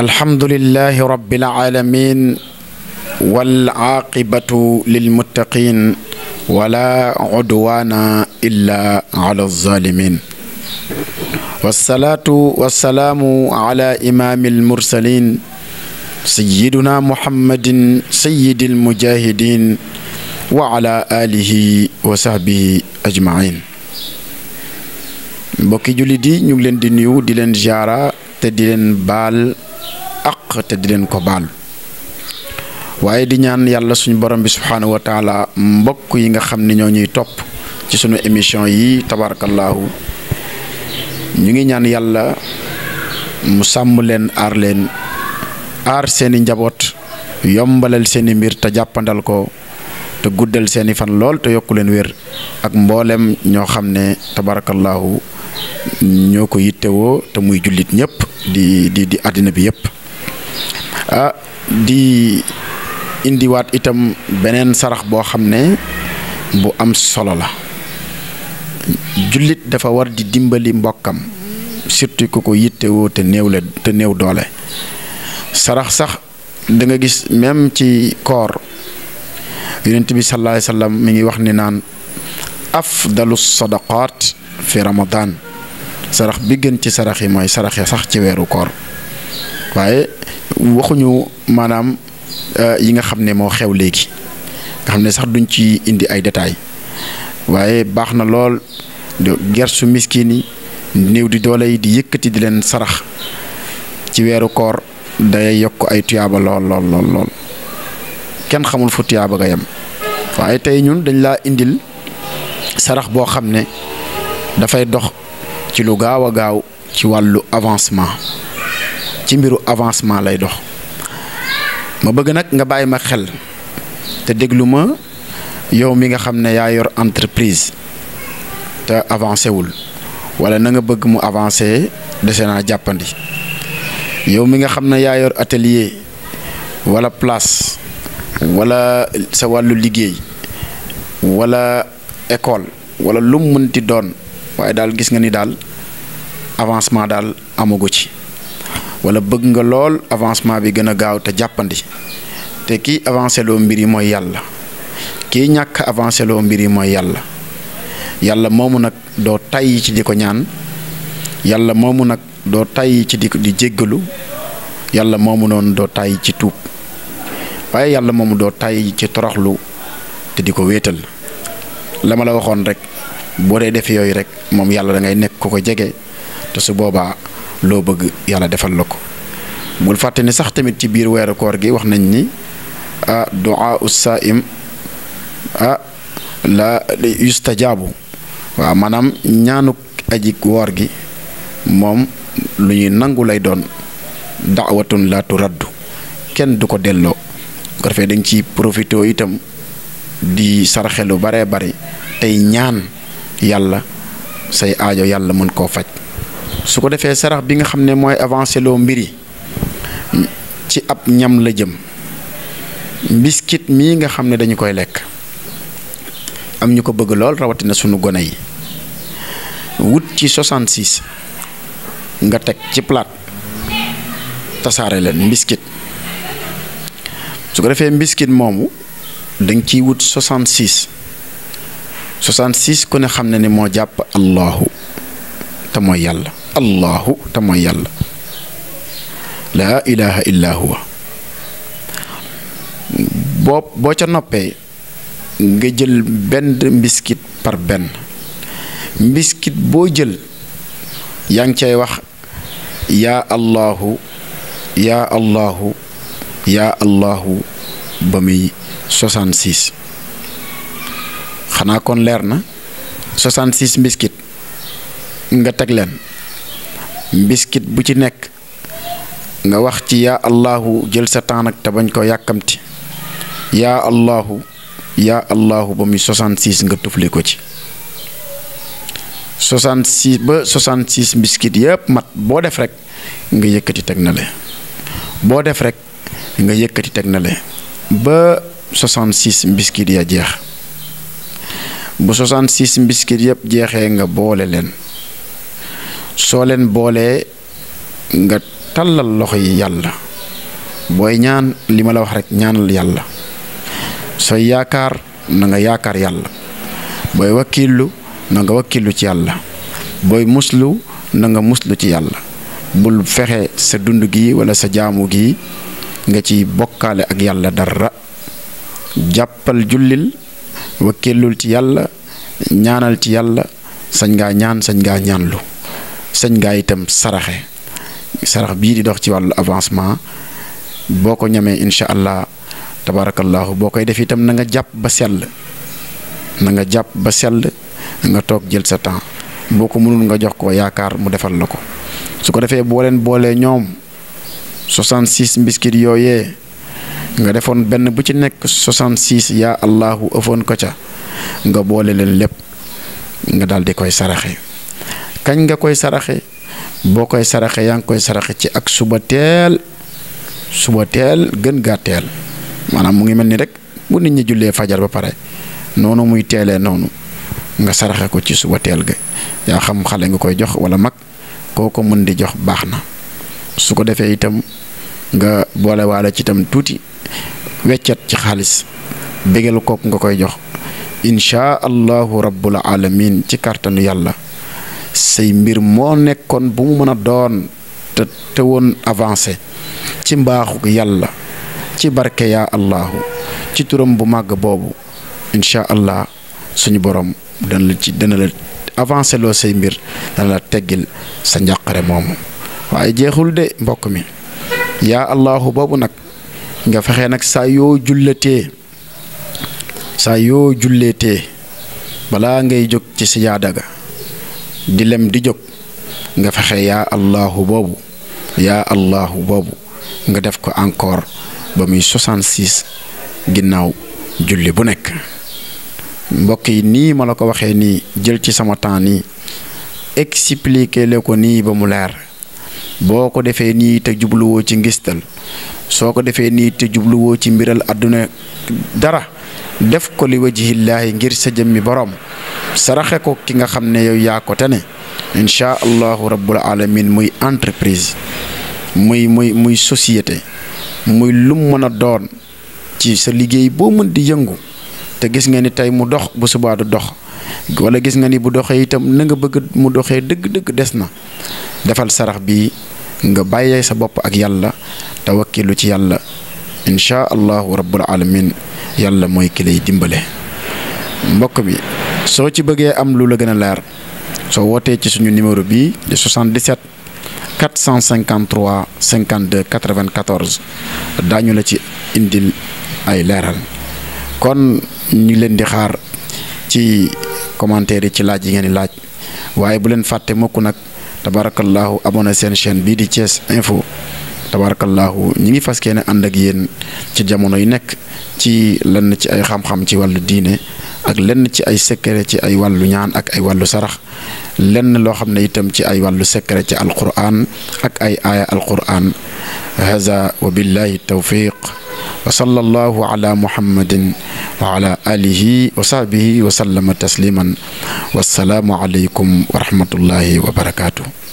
alhamdulillahi rabbil alamin wal aaqibatu lil muttaqin wala udwaana illa ala zalimin wasalaatu wasalaamu ala imaami almursalin sayiduna muhammadin sayidi almujahidin wa ala alihi wa sahbihi ajmain mbokki jullit yi ñu ngi leen di nuyu di leen jaara te di leen baal àq di leen ko baal waaye di ñaan yàlla suñu borom bi subhaanahu wa mbokk yi nga xam ne ñoo ñuy topp ci suñu émission yi tabaarakallaahu ñu ngi ñaan yàlla mu sàmm leen aar leen aar seeni njaboot yombalal seeni mbir te jàppandal ko te guddal seeni fan lool te yokku leen wér ak mbooleem ñoo xam ne tabaarakallaahu ñoo ko yittewoo te muy jullit ñëpp di di àddina bi yëpp a ah, di indiwaat itam beneen sarax boo xam ne bu am solo la jullit dafa war di dimbali mbokkam surtout ku ko yittewoo te néew la te néew doole sarax sax danga gis même ci koor yonent bi sallallahu alayhi mi ngi wax ni naan afdalu sadaqaat fi ramadan sarax bi gën ci sarax yi mooy saraxe sax ci weeru koor waaye waxuñu maanaam euh, yi nga xam ne moo xew léegi nga xam ne sax duñ ci indi ay détails waaye baax na lool gersu miskin yi néew di doole yi di yëkkati di leen sarax ci weeru koor day yokk ay tuyaaba lool lool lool kenn xamul fu tuyaaba ga yem waaye tey ñun dañ laa indil sarax boo xam ne dafay dox ci lu gaaw a gaaw ci wàllu avancement ci mbiru avancement lay dox ma bëgg nag nga bàyyi ma xel te déglu yow mi nga xam ne yaa yor entreprise te avancé wul wala na nga bëgg mu avancé dese naa jàppandi yow mi nga xam ne yaa yor atelier wala place wala sa wàllu liggéey wala école wala lu mënti doon waaye daal gis nga ni daal avancement daal amagu ci. wala bëgg nga lool avancement bi gën a gaaw te jàppandi te kii avancé loo mbir yi mooy yàlla kii ñàkk avancé loo mbir yi mooy yàlla yàlla moomu nag doo tayyi ci di ko ñaan yàlla moomu nag doo tayyi ci di di jéggalu yàlla moomu noonu doo tayyi ci tuub waaye yàlla moomu doo tayyi ci toroxlu te di ko wéetal la ma la waxoon rek boo dee def yooyu rek moom yàlla da ngay nekk ku ko jege te su boobaa loo bëgg yàlla defal la ko bul fàtte ni sax tamit ci biir weeru koor gi wax nañ ni ah duaa u saaim ah la yustajaabu waaw maanaam ñaanuk aji woor gi moom lu ñuy nangu lay doon daawatun laatu raddu kenn du ko delloo ko defee dañ ci profité itam di sarxe lu baree bari tey ñaan yàlla say ajo yàlla mën koo faj su ko defee sarax bi nga xam ne mooy avancé loo mbir ci ab ñam la jëm biskit mii nga xam ne dañu koy lekk am ñu ko bëgg lool rawatina sunu gone yi wut ci 66 nga teg ci plat tasaare leen mbiskit su ko defee mbiskit moomu danga ciy wut 66 66 ku ne xam ne ni moo jàpp allahu te mooy yàlla allahu te mooy yàlla laa ilaha illa huwa boo boo ca noppee nga jël benn mbiskit par benn mbiskit boo jël yaa ngi cay wax yaa allahu yaa allahu yaa allahu ba muy 66 xanaa kon leer na 66 mbiskit nga teg leen mbiskit bu ci nekk nga wax ci yaa allahu jël sa temps nag te bañ koo yàkkamti yaa allahu yaa allahu ba muy 66 nga tufli ko ci 66 ba 66 mbiskit yépp mat boo def rek nga yëkkati teg na boo def rek nga yëkkati teg na le ba 66 mbiskit ya jeex bu 66 mbiskit yépp jeexee nga boole leen soo leen boolee nga tàllal loxo yi yàlla booy ñaan li ma la wax rek ñaanal yàlla sooy yaakaar na nga yaakaar yàlla booy wakkilu na nga wakkilu ci yàlla booy muslu na nga muslu ci yàlla bul fexe sa dund gi wala sa jaamu gi nga ci bokkaale ak yàlla dara jàppal jullil wakkilul ci yàlla ñaanal ci yàlla sañ ngaa ñaan sañ ngaa ñaanlu sañ ngaa itam saraxe sarax bii di dox ci wàllu avancement boo ko ñamee incha allah tabaarakallaahu boo koy def itam na nga jàpp ba sell na nga jàpp ba sell nga toog jël sa temps boo ko mënul nga jox ko yaakaar mu defal la ko su ko defee boo leen boolee ñoom 66 mbiskit yooyee nga defoon benn bu ci nekk 66 yaa allahu ëfoon ko ca nga boole leen lépp nga daal di koy saraxe. kañ nga koy saraxe boo koy saraxe yaa ngi koy saraxe ci ak suba teel suba teel gën gaa teel maanaam mu ngi mel ni rek bu nit ñi jullee fajar ba pare noonu muy teelee noonu nga saraxe ko ci suba teel ga yaa xam xale nga koy jox wala mag koo ko mën di jox baax na su ko defee itam nga boole waale ci itam tuuti weccet ci xaalis bégal kooku nga koy jox incha allahu rabbul alamin ci kàttanu yàlla say mbir moo nekkoon bu mu mën a doon te woon avancé ci mbaaxu yàlla ci barke yaa allahu ci turam bu màgg boobu incha allah suñu boroom dana la ci dana loo say mbir dana la teggil sa njàqare moomu waaye jeexul de mbokk mi yaa allahu boobu nag nga fexe nag saa yoo jullatee saa yoo julleetee balaa ngay jóg ci siyaada ga di lem di jóg nga fexe yaa allahu boobu yaa allahu boobu nga def ko encore ba muy 66 ginnaaw julli bu nekk mbokk yi nii ma la ko waxee nii jël ci sama temps nii expliquer ko nii ba mu leer boo ko defee nii te jubluwoo ci ngistal soo ko defee nii te jubluwoo ci mbiral àdduna dara def ko li wajhillaahi ngir sa jëmmi borom saraxe ko ki nga xam ne yow yaa ko ne incha allahu rabbul alamin muy entreprise muy muy muy société muy lum mën a doon ci sa liggéey boo mën di yëngu te gis nga ni tey mu dox bu subaa dox wala gis nga ni bu doxee itam na nga bëgg mu doxee dëgg-dëgg des na defal sarax bi nga bàyyee sa bopp ak yàlla tawakkilu ci yàlla incha allahu rabbul alamin yàlla mooy ki lay dimbale mbokk bi soo ci bëggee am lu la gën a leer soo wootee ci suñu numéro bii di 77 453 52 94 daañu la ci indil ay leeral kon ñu leen di xaar ci commentaire yi ci laaj yi ngeen di laaj waaye bu leen fàtte mukk nag tabarakallahu abonné seen chaîne bii di Thiès Info tabaarakallaahu ñi ngi fas yéene ànd ak yéen ci jamono yi nekk ci lenn ci ay xam-xam ci wàllu diine ak lenn ci ay secret ci ay wàllu ñaan ak ay wàllu sarax lenn loo xam ne itam ci ay wàllu secret ci alquran ak ay aaya alquran haza wa billahi tawfiq wa sallallahu ala muhammadin wa ala alihi wa sahbihi aleykum wa wa barakaatu